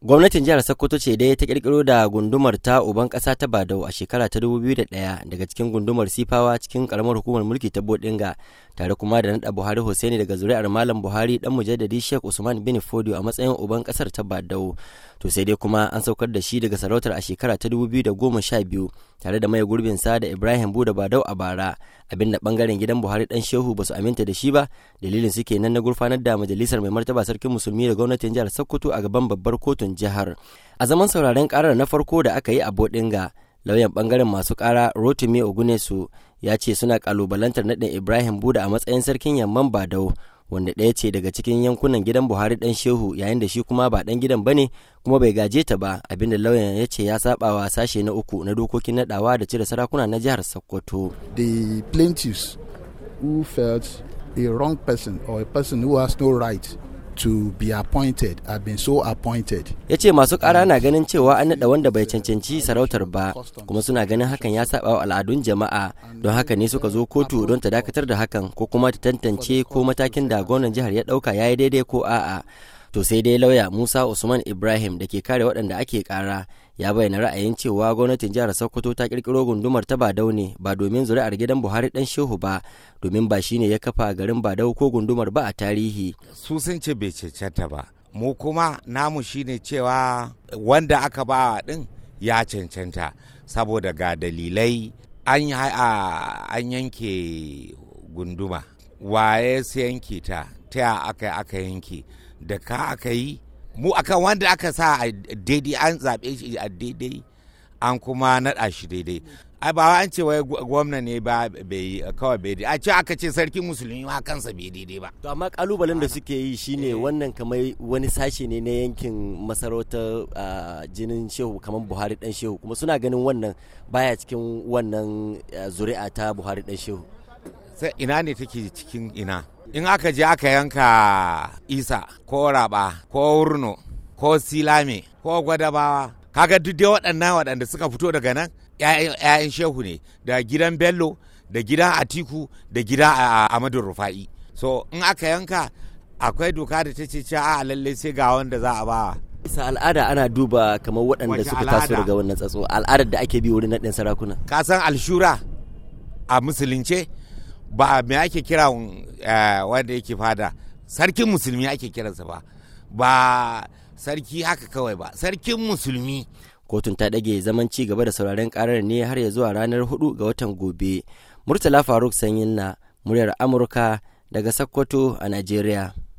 Gwamnatin jihar Sokoto ce dai ta kirkiro da gundumar ta uban kasa ta Badau a shekara ta 2001 daga cikin gundumar Sifawa cikin karamar hukumar mulki ta Bodinga tare kuma da nada Buhari Hussaini daga zuri'ar Malam Buhari dan mujaddadi Sheikh Usman bin Fodio a matsayin uban kasar ta Badau to sai dai kuma an saukar da shi daga sarautar a shekara ta 2012 tare da mai gurbin sa da Ibrahim Buda Badau a bara abinda bangaren gidan Buhari dan Shehu ba su aminta da shi ba dalilin suke nan na gurfanar da majalisar mai martaba sarkin musulmi da gwamnatin jihar Sokoto a gaban babbar kotun gwamnatin jihar a zaman sauraren karar na farko da aka yi a bodinga lauyan bangaren masu kara rotimi ogunesu ya ce suna kalubalantar naɗin ibrahim buda a matsayin sarkin yamman badau wanda ɗaya ce daga cikin yankunan gidan buhari ɗan shehu yayin da shi kuma ba dan gidan bane kuma bai gaje ta ba abinda lauyan ya ce ya saba wa sashe na uku na dokokin nadawa da cire sarakuna na jihar sokoto the plaintiffs who felt a wrong person or a person who has no right to be appointed have been so appointed. Ya ce masu kara na ganin cewa an naɗa wanda bai cancanci sarautar ba kuma suna ganin hakan ya saba wa al'adun jama'a don haka ne suka zo kotu don ta dakatar da hakan ko kuma ta tantance ko matakin da gwamnan jihar ya ɗauka ya yi daidai ko a'a. To sai dai lauya Musa Usman Ibrahim da ke kare waɗanda ake kara ya bayyana ra'ayin cewa gwamnatin jihar sokoto ta kirkiro gundumar ta badau ne ba domin zuri'ar gidan buhari dan shehu ba domin ba shine ya kafa garin badau ko gundumar ba a tarihi su sun ce bai cancanta ba mu kuma namu shine cewa wanda aka ba din ya cancanta saboda ga dalilai an yanke gunduma waye su yanke ta ta aka aka yanke da ka aka yi mu akan wanda aka sa a daidai an zaɓe shi a daidai an kuma naɗa shi daidai ai ba an ce wai gwamna ne ba bai kawai bai a ce aka ce sarki musulmi ma kansa bai daidai ba to amma kalubalen da suke yi shine eh. wannan kamar wani sashe ne na yankin masarautar jinin shehu kamar buhari dan shehu kuma suna ganin wannan baya cikin wannan zuri'a ta buhari dan shehu ina ne take cikin ina in aka je aka yanka isa ko raba ko wurno ko silame ko gwadabawa kaga duk dai waɗannan waɗanda suka fito daga nan ‘ya'yan shehu ne da gidan bello da gidan atiku da gidan amadu rufa'i so in aka yanka akwai doka da ta ce a lallai sai ga wanda za a ba Isa al'ada ana duba kamar waɗanda suka taso daga wannan tsatso al'adar da ake bi wurin naɗin sarakuna ka san alshura a musulunce ba me ake kira um, eh, wanda yake fada sarkin musulmi ake kiransa ba ba sarki haka kawai ba sarkin musulmi kotun ta dage zaman ci gaba da sauraren karar ne har ya zuwa ranar hudu ga watan gobe murtala faruk sanyin na muryar amurka daga sokoto a najeriya